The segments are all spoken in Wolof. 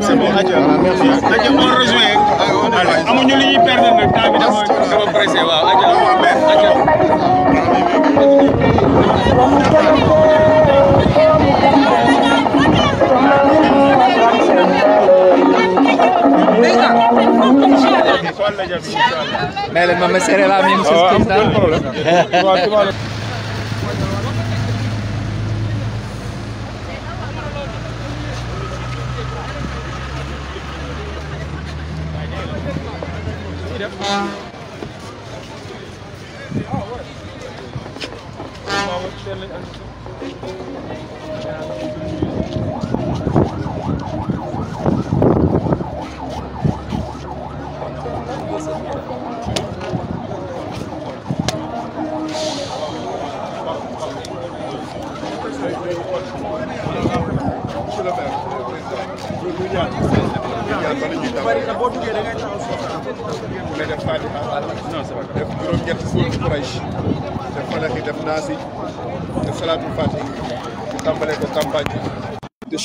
c'est bon Adja Adja on rejoint alors amuñu li ñuy perdre nag temps bi dama dama pressé waaw Adja Adja. mais le mama serré la même chose que ça.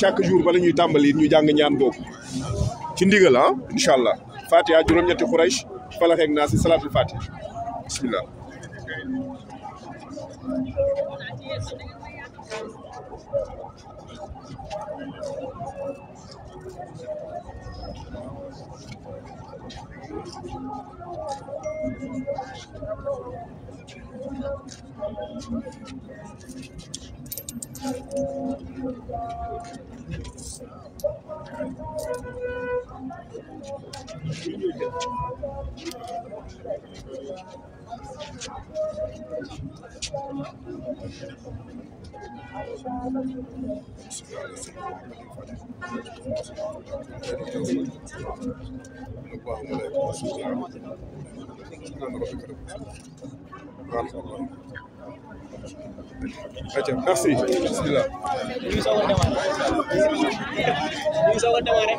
chaque jour bala ñuy tambali ñu jang ñaan bokku ci ndigal ah inshallah allah fatiha juróom-ñetti xuraysh falax ak naasi salaatul fatiha bismillah Thank you. اللهم لا يكون سوء aca merci bismillah ñu soog a démarrer ñu soog a démarrer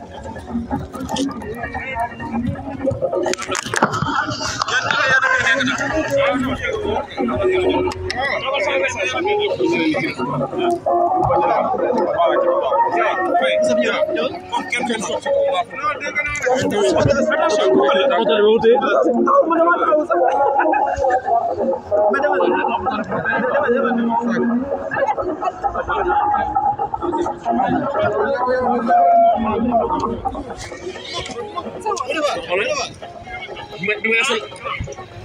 i Terima kasih.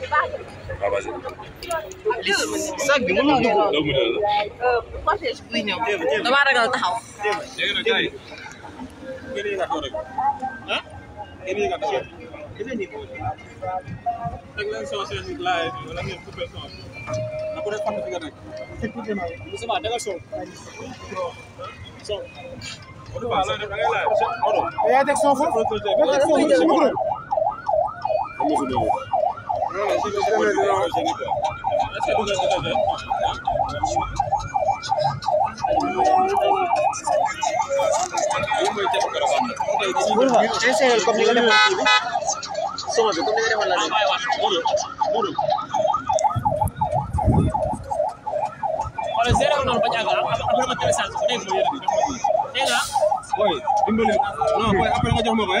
sac bi mënul dugg. cortège buy ñëw damaa ragal taxaw. yaa teg son foofu yaa teg son foofu si micro Boy, dimbali. Non, boy, après nga jox ma ko, eh.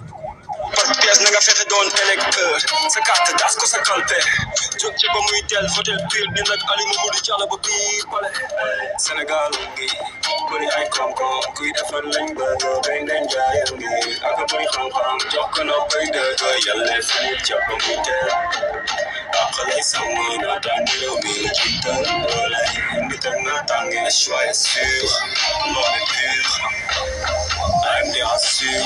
Pazpjeznego fefe don elek Se ka das ko se kalpe Gjok që ali më muri gjallë po pyrë pale Senegal ngi Bëri aj kom kom Kuj e lëng kam kam Gjokë në bëjnë dhe Jelle fëni që po mu i del Akëllë samë në tani mi Gjitë në bële Mitë në tangi Shvajë syrë Lone i I'm the assure,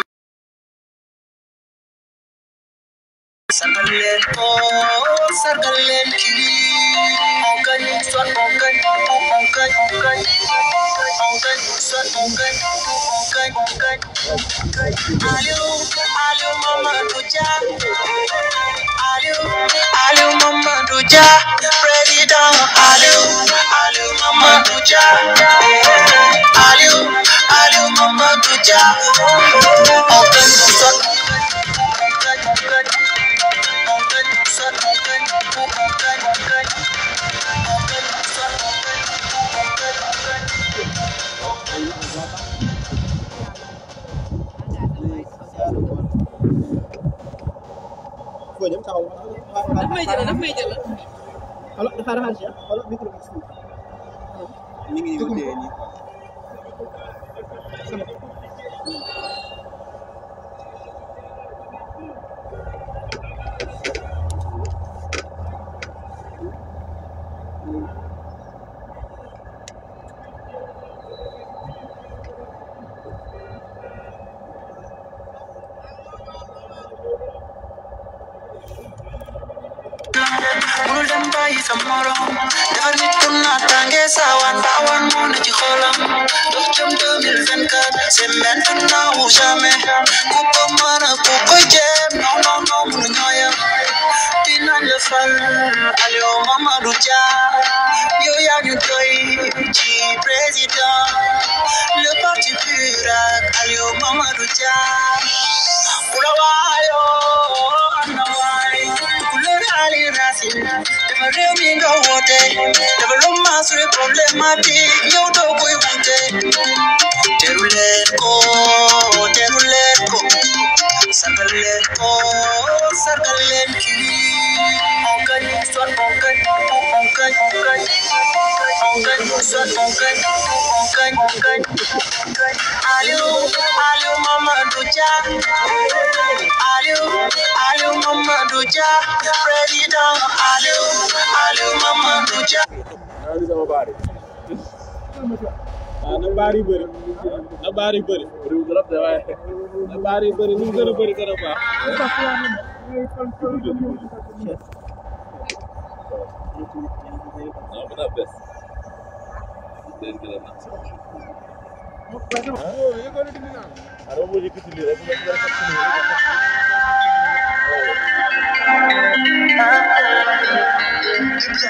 Sangalen po, sangalen ki. Ongkan, suat ongkan, ongkan, ongkan. Ongkan, suat ongkan, ongkan, ongkan. Alu, alu mama duja. Alu, alu mama duja. President, alu, alu mama duja. Alu, alu mama duja. Ongkan. Kalau di Farhan ya, Kalau di alors ya, ini. wallahi tomorrow Never need to not tange sawan bawan mo na ci xolam dox jëm 2024 c'est maintenant ou jamais ku ko mën a ku ko jéem non non non mënu ñooyam dinañ no, no, no, no, no, no, yaa ñu doy ci président le parti pur ak alio mamadou dia ku la waayoo ana waay ku la raali racine real me no wote Never run my sweet problema di Yo do boy wote Terulerko, terulerko Sargalerko, sargalenki Ongan, swan ongan, ongan, ongan Ongan, swan ongan, ongan, ongan Aliu, aliu mama duja Ready down, aliu Nobody's nobody. ah nobody bëri nobody bëri. réew mi nobody bëri ni mu gën a bëri gën a baax. non bu tax bés. dégg nga la. ah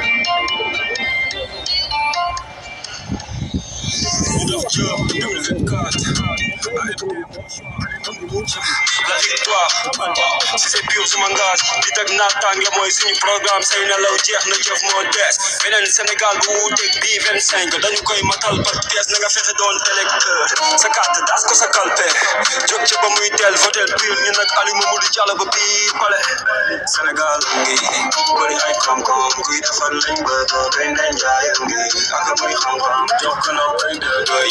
Futur 2024. La victoire si c'est pur su ma ngaas di teg naataange mooy suñu programme say jeex na jëf moo des beneen senegal bu wuuteeg bii 25 dañu koy matal par pièce na nga fexe doon électeur sa carte daas ko sa kalpe jóg ca ba muy teel votel pur ñu nag Aliou Mamadou Diallo ba bii pale Sénégal ngi bëri ay koom-koom kuy defar lañ ba doon dañ dañ jaay ngi ak muy xam-xam jox ko naw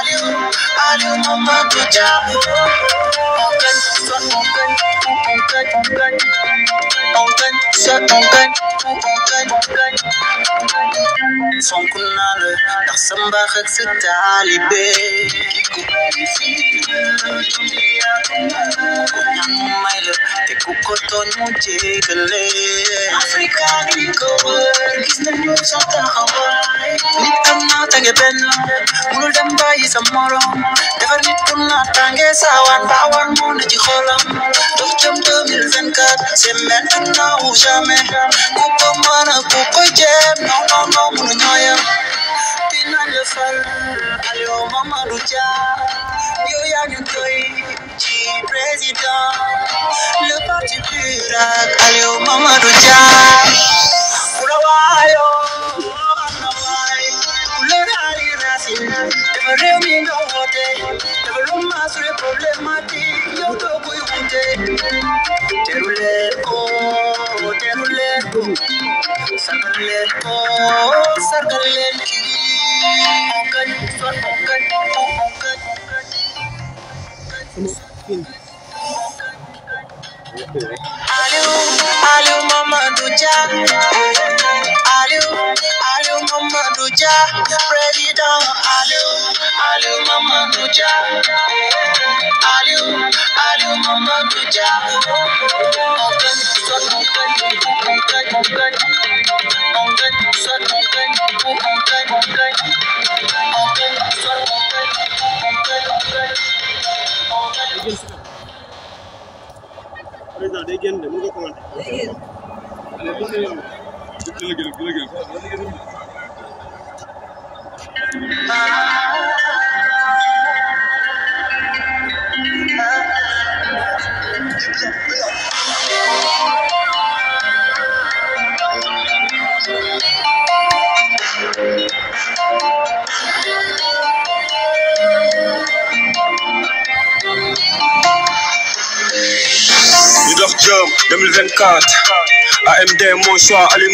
Aliou Aliou Ukotonu jegele African eagle Is the news Hawaii Nitana tange beno Mulul damba is a moro Never need kuna tange sawan Bawan mona jam 2024 Sementan na jem No no no munu nyoya Pina lefal Ayo mama ruja Yo yang yutoi président, le parti Burak, Aléo Mamadou Dia. Thank you skin. Alu, alu mama duja. Alu, alu mama duja. Ready down. Alu, alu mama duja. Alu, alu mama duja. Ongan, sot ongan, ongan, ongan, ongan, sot ongan, ongan, ongan. président day génn de mën nga commenté. dëgg la 2024. AMD, mon choix, allez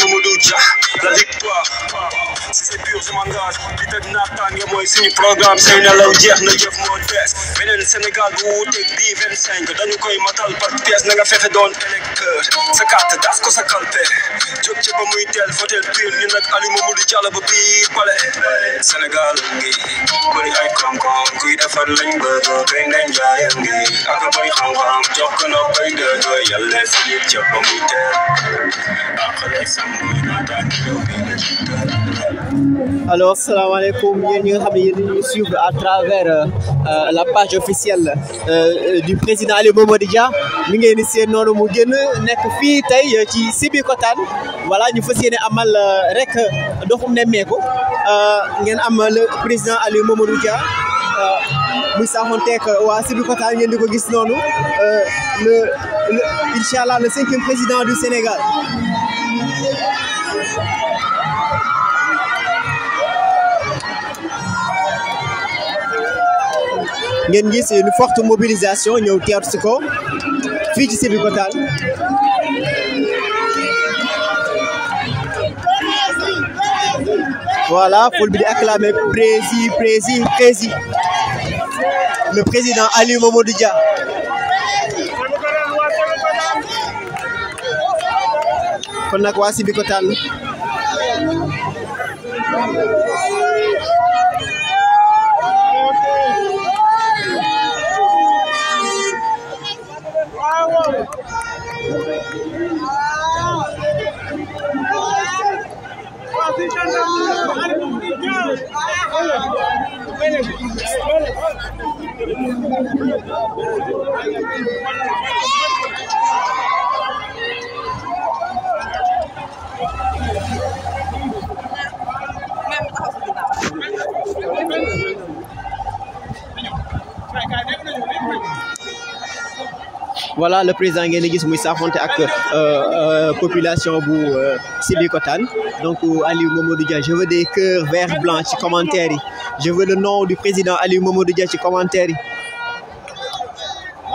la victoire. te pur sama ngaas li teg naataange mooy suñu programme say nelaw jeex na jëf moo tees beneen Sénégal bu wuuteeg bii vingt cinq dañu koy matal par pièce na nga fexe doon électeur sa carte daf ko sa kalpe jóg ci ba muy teel votel pur ñu nag Aliou Mamadou Diallo ba biir pale Sénégal ngi bëri ay koom-koom kuy defar lañ bëgg béy nañ jaayam ngi ak bay xam-xam jox ko noo bay dëgg yàlla si ca ba muy teel alors salaamaaleykum yéen ñi nga xam ñu suivre à travers euh, la page officielle euh, du président Aliou Mamadou Dia mi ngeen di seen noonu mu génn nekk fii tey euh, ci Sébikotane voilà ñu fas yéene amal euh, rek doxum nemmeeku euh, ngeen am le président Ali Mamadou Dia muy saaxoonteeg waa Sébikotane ngeen di ko gis noonu le le incha allah le cinquième président du Sénégal. ngeen gis une forte mobilisation ñëw teeru si ko fii ci Sébikotane voilà foule bi di acclamer prési prési prési le président Ali Mamadou Dia kon nag waa Sébikotane voilà le président ngeen di gis population saafonte euh, euh, population bu euh, kotan donc euh, Ali Mamadou Dia je veux des cœurs verts blancs commentaires. commentaire je veux le nom du président Ali Mamadou Dia commentaire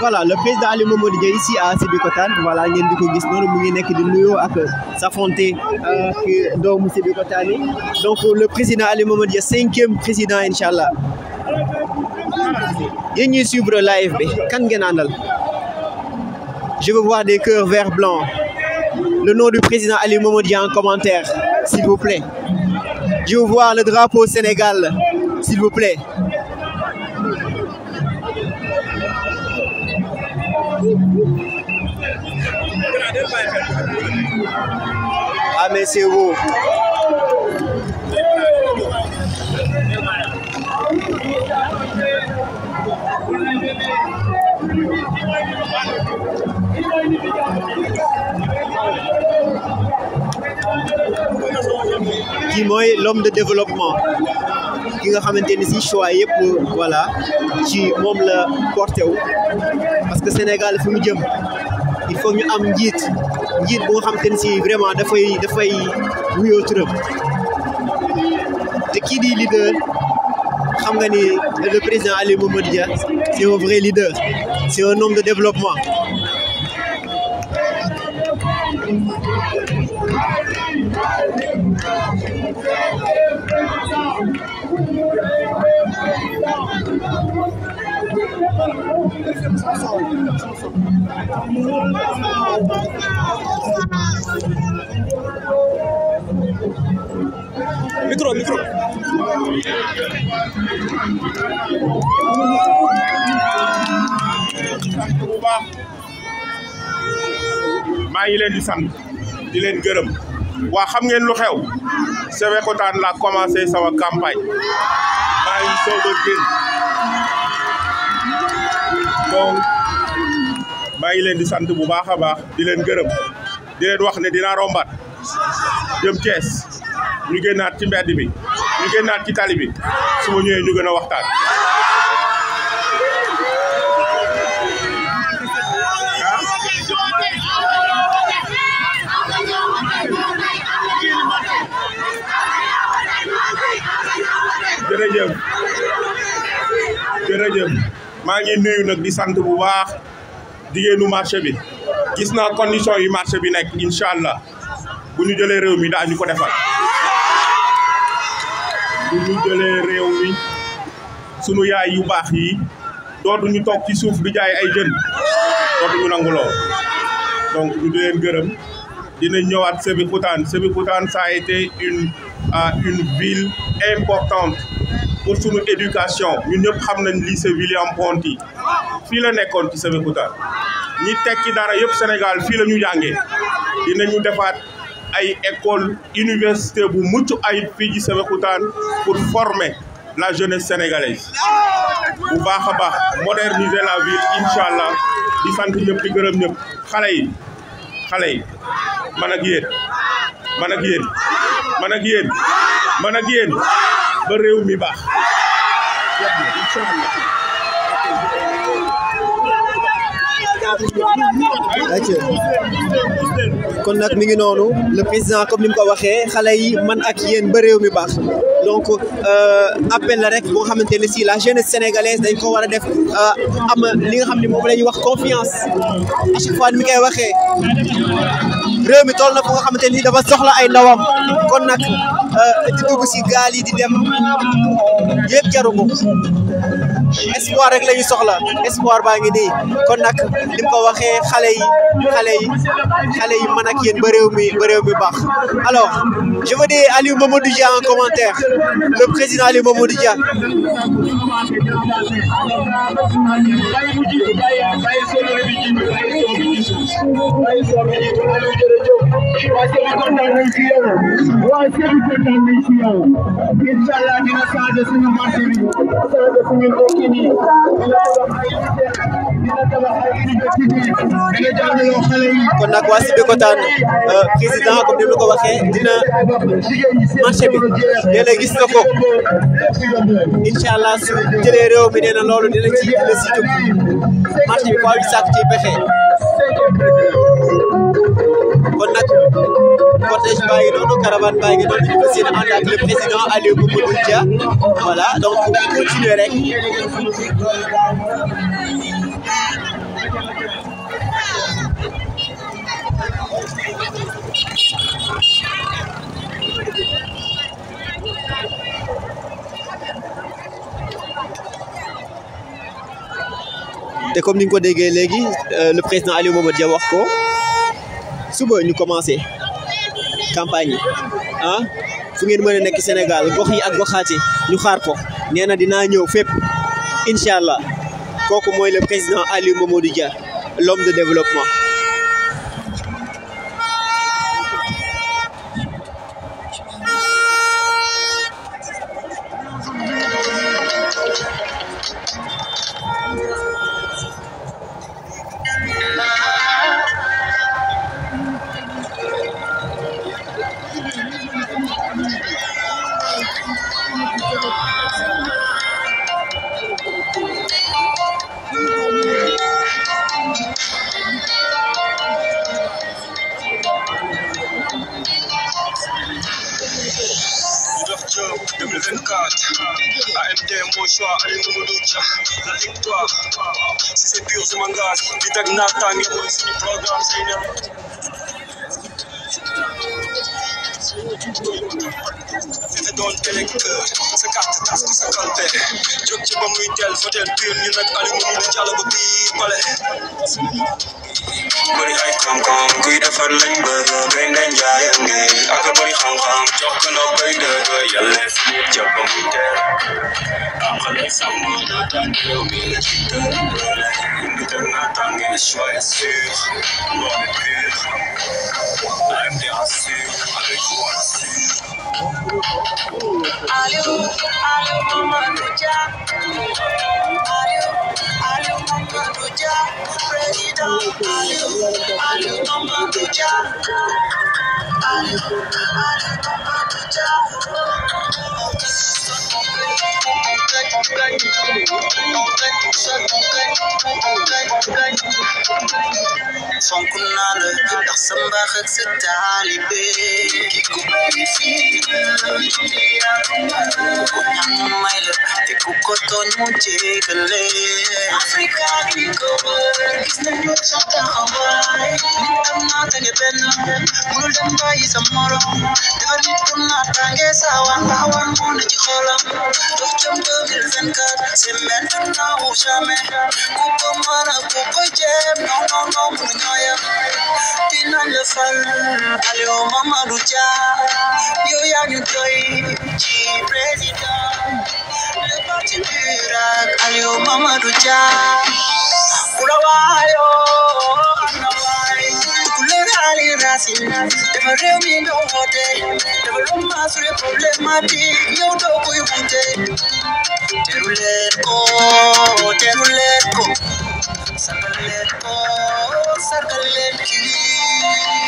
voilà le président Ali Mamadou ici à Sibé-Kotan. voilà ñen di ko gis nonu mu ngi nek di nuyo ak s'affronter euh, ak doomu donc le président Ali Mamadou cinquième président Inshallah. allah yéen le live bi kan ngeen àndal je veux voir des cœurs verts blancs le nom du président Ali Mamadou en commentaire s'il vous plaît je veux voir le drapeau Sénégal s'il vous plaît Ah mais c'est Amesero. Qui moi l'homme de développement ki nga xamante ni si choix voilà ci moom la porté où parce que Sénégal fi mu jëm il faut ñu am njiit njiit bu nga xam te si vraiment dafay dafay wuyoo turam te Qui di leader xam nga ni le président Ali Mamadou Dia c'est un vrai leader c'est un homme de développement micro micro maa ngi leen di sant di leen gërëm waa xam ngeen lu xew Sébikotane la commencé sama campagne maa ngi soog donc maa ngi di sant bu baax baax di leen gërëm di leen wax ne dinaa rombaat jëm Thiès ñu génnaat ci mbedd bi ñu génnaat ci tali bi su ma ñëwee ñu gën a waxtaan. maa ngi nuyu nag di sant bu baax jigéenu marché bi gis naa condition yu marché bi nekk incha allah bu ñu jëlee réew mi ñu ko defar bu ñu jëlee réew mi sunu yaay yu baax yi dootuñu toog ci suuf di jaay ay jën dootuñu nangu lool donc ñu di gërëm dinañ ñëwaat Sébikotane Sébikotane ça a été une à une ville importante pour son éducation ñun ñëpp xam nañ lycée William Ponty fii la nekkoon ci Sébikotane ñi tekki dara yëpp Sénégal fii la ñu jàngee dinañu defaat ay école université bu mucc ayib fii ci Sébikotane pour former la jeunesse sénégalaise bu baax baax moderniser la ville inshallah, allah di sant ñëpp di gërëm ñëpp xale yi xale yi man ak yéen man ak yéen man ak yéen man ak yéen ba réew mi baax kon nag mi ngi noonu le président comme ni mu ko waxee xale yi man ak yéen ba réew mi baax donc appel la rek boo xamante ne si la jeunesse sénégalaise dañ ko war a def am li nga xam ne moom la ñuy wax confiance à chaque fois ni mi koy waxee. réew mi toll na fu nga xamante ni dafa soxla ay ndawam kon nag euh, di dugg si gaal yi di dem yëpp jaru ko espoir rek la ñu soxla espoir baa ngi nii kon nag li mu ko waxee xale yi xale yi xale yi man ak yéen mi ba réew mi baax alors je veux dire Aliou Mamadou commentaire le président Aliou Mamadou Dia ay soxla yi ñu ngi jërëjëf waa Kébé bi saade suñu ko waxee dina marché bi yéen gis na ko incha su jëlee réew mi nee loolu dina ci marché bi faaw ñu sàkk ci pexe. kon nag cortège baa ngi caravane baa ngi noonu ñu fas yéene le président Aliou Mamadou Dia voilà donc on continuer rek. te comme nous nga dit, euh, le président a Mamadou Dia wax suba ñu commencé campagne yi ah fu ngeen mën a nekk Sénégal gox yi ak goxaat yi ñu xaar ko nee na dinaa ñëw fépp incha allah kooku mooy le président Aliou di Dia l'homme de développement fete doon électeur sa carte tas ko sa kalpe jóg ci ba muy teel votel piir ñu nag Aliou Mamadou Diallo ba bii pale bari ay koom-koom kuy defar lañ bëgg ngay ndeen jaayam ngi ak bari xam-xam jox ko na bay dëgg yàlla fi ñu jàpp muy teer am xale sàmm na tànn réew mi la ci tënk doole indi tënk naa tànge soyez sûr loolu pire I'm bien sûr avec vous Aliu, aliu mama duja. Aliu, aliu mama duja. President, aliu, aliu mama duja. Aliu, aliu mama duja. Son kunal, personne barre que c'est talibé. Qui coupait fille, Mail, des cocoton, mon jégalé. Africa, Nico, is the new Santa Hawaii. Nitamata, Gebena, Mulden, Bays, Amoro, Devanit, Kunatangesa, Wan, Wan, Monet, Holam. Tocam da bilsen kar Simetin na ujame Kupam para kupa jem No no no munyaya Tina lefal Alio mama ruja Yo ya nyutoy Chi president Lepati pirak Alio mama ruja Kurawayo Ano that's enough. If real me no hot day, if a room pass with a problematic, you don't go you want it. Teru let go, teru let go. Circle let go, circle let ki.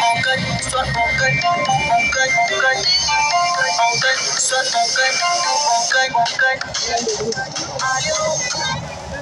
Onkai, swat onkai, onkai, onkai. Onkai, swat onkai, onkai, onkai. Ayo.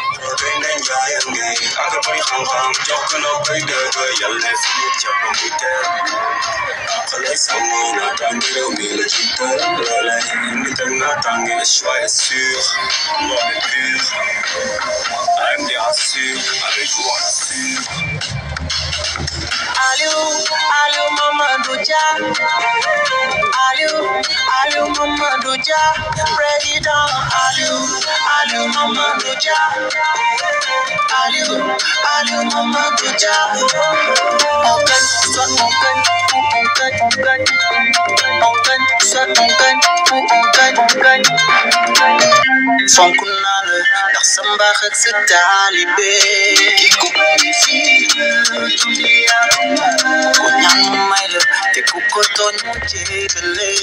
Pray hong hong Chok no pray the the Yal le fi ni chak no mi te Khalai sang mo na tam bi do mi le jin te La la yin mi tang na tang Le choix est I'm the assure Avec vous assure Allô, allô maman Doucha Allô, Aliyu Muhammadu Ja, President Aliyu, Aliyu Muhammadu Ja, Aliyu, Aliyu Muhammadu Ja. Ọ̀kan sọ ọ̀kan fún ọ̀kan ọ̀kan, ọ̀kan sọ ọ̀kan fún ọ̀kan ọ̀kan. Fọ̀nkúnná lọ, lọ́sàn bá xẹ́ sí tàálí bẹ́ẹ̀. Kíkú bẹ́ẹ̀ fi ọdún bí arúgbó. Kò nyàmú máìlì, tẹ̀kú kótó ní jẹ́ kẹlẹ́.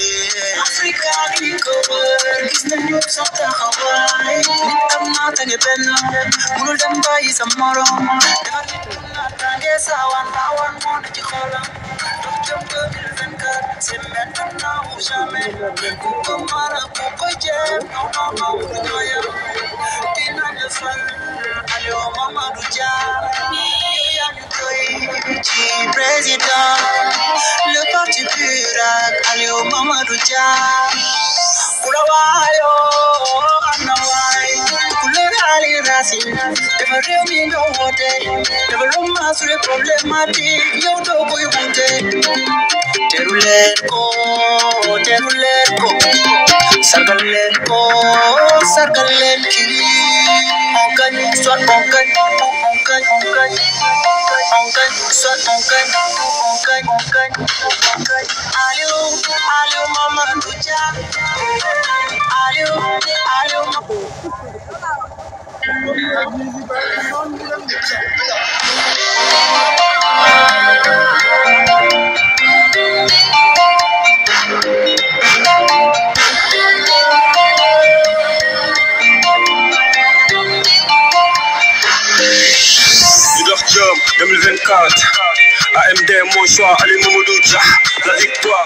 Afrika die cover Gis na ñu sax ta xaway Nit am na ta nga ben Mulul dem bayi sa moro sa wan Ta wan mo na ci xolam ka Se na u jame Ku na ma u na ya Ti na nge fal Ayo mama du ja Ayo ya ñu president Le parti burak aliyo Mamadou Dia kula wayo anna way kula ali rasi dafa réew mi nga wote, dafa lu ma sule problématique yow doo koy wute teru leen cây xoắn bóng cây bóng cây bóng cây bóng cây xoắn bóng cây bóng cây bóng cây bóng cây ai alo mama tuja alo alo Thank you. carte. AMD, mon choix, Ali Mamadou Dia, la victoire.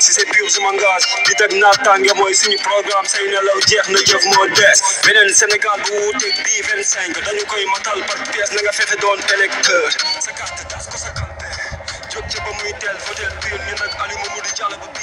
si c'est pur je m'engage di teg naataange mooy suñu programme say nelaw jeex na jëf moo dees beneen Sénégal bu wuute bii 25 dañu koy matal par pièce na nga fexe doon électeur sa carte tas ko sa campagne jóg ca ba muy teel votel pur ñu nag Aliou Mamadou Diallo ba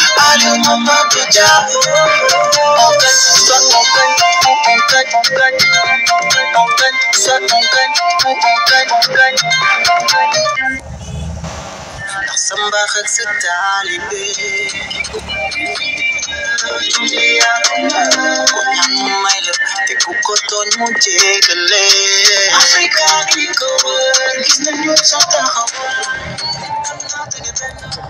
Adieu ton pain Africa, we go Gis na nyutsa tahawu Tantante de peine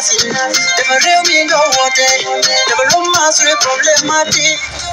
Never real me reuniendo, bote. Te me lo más, soy problemático.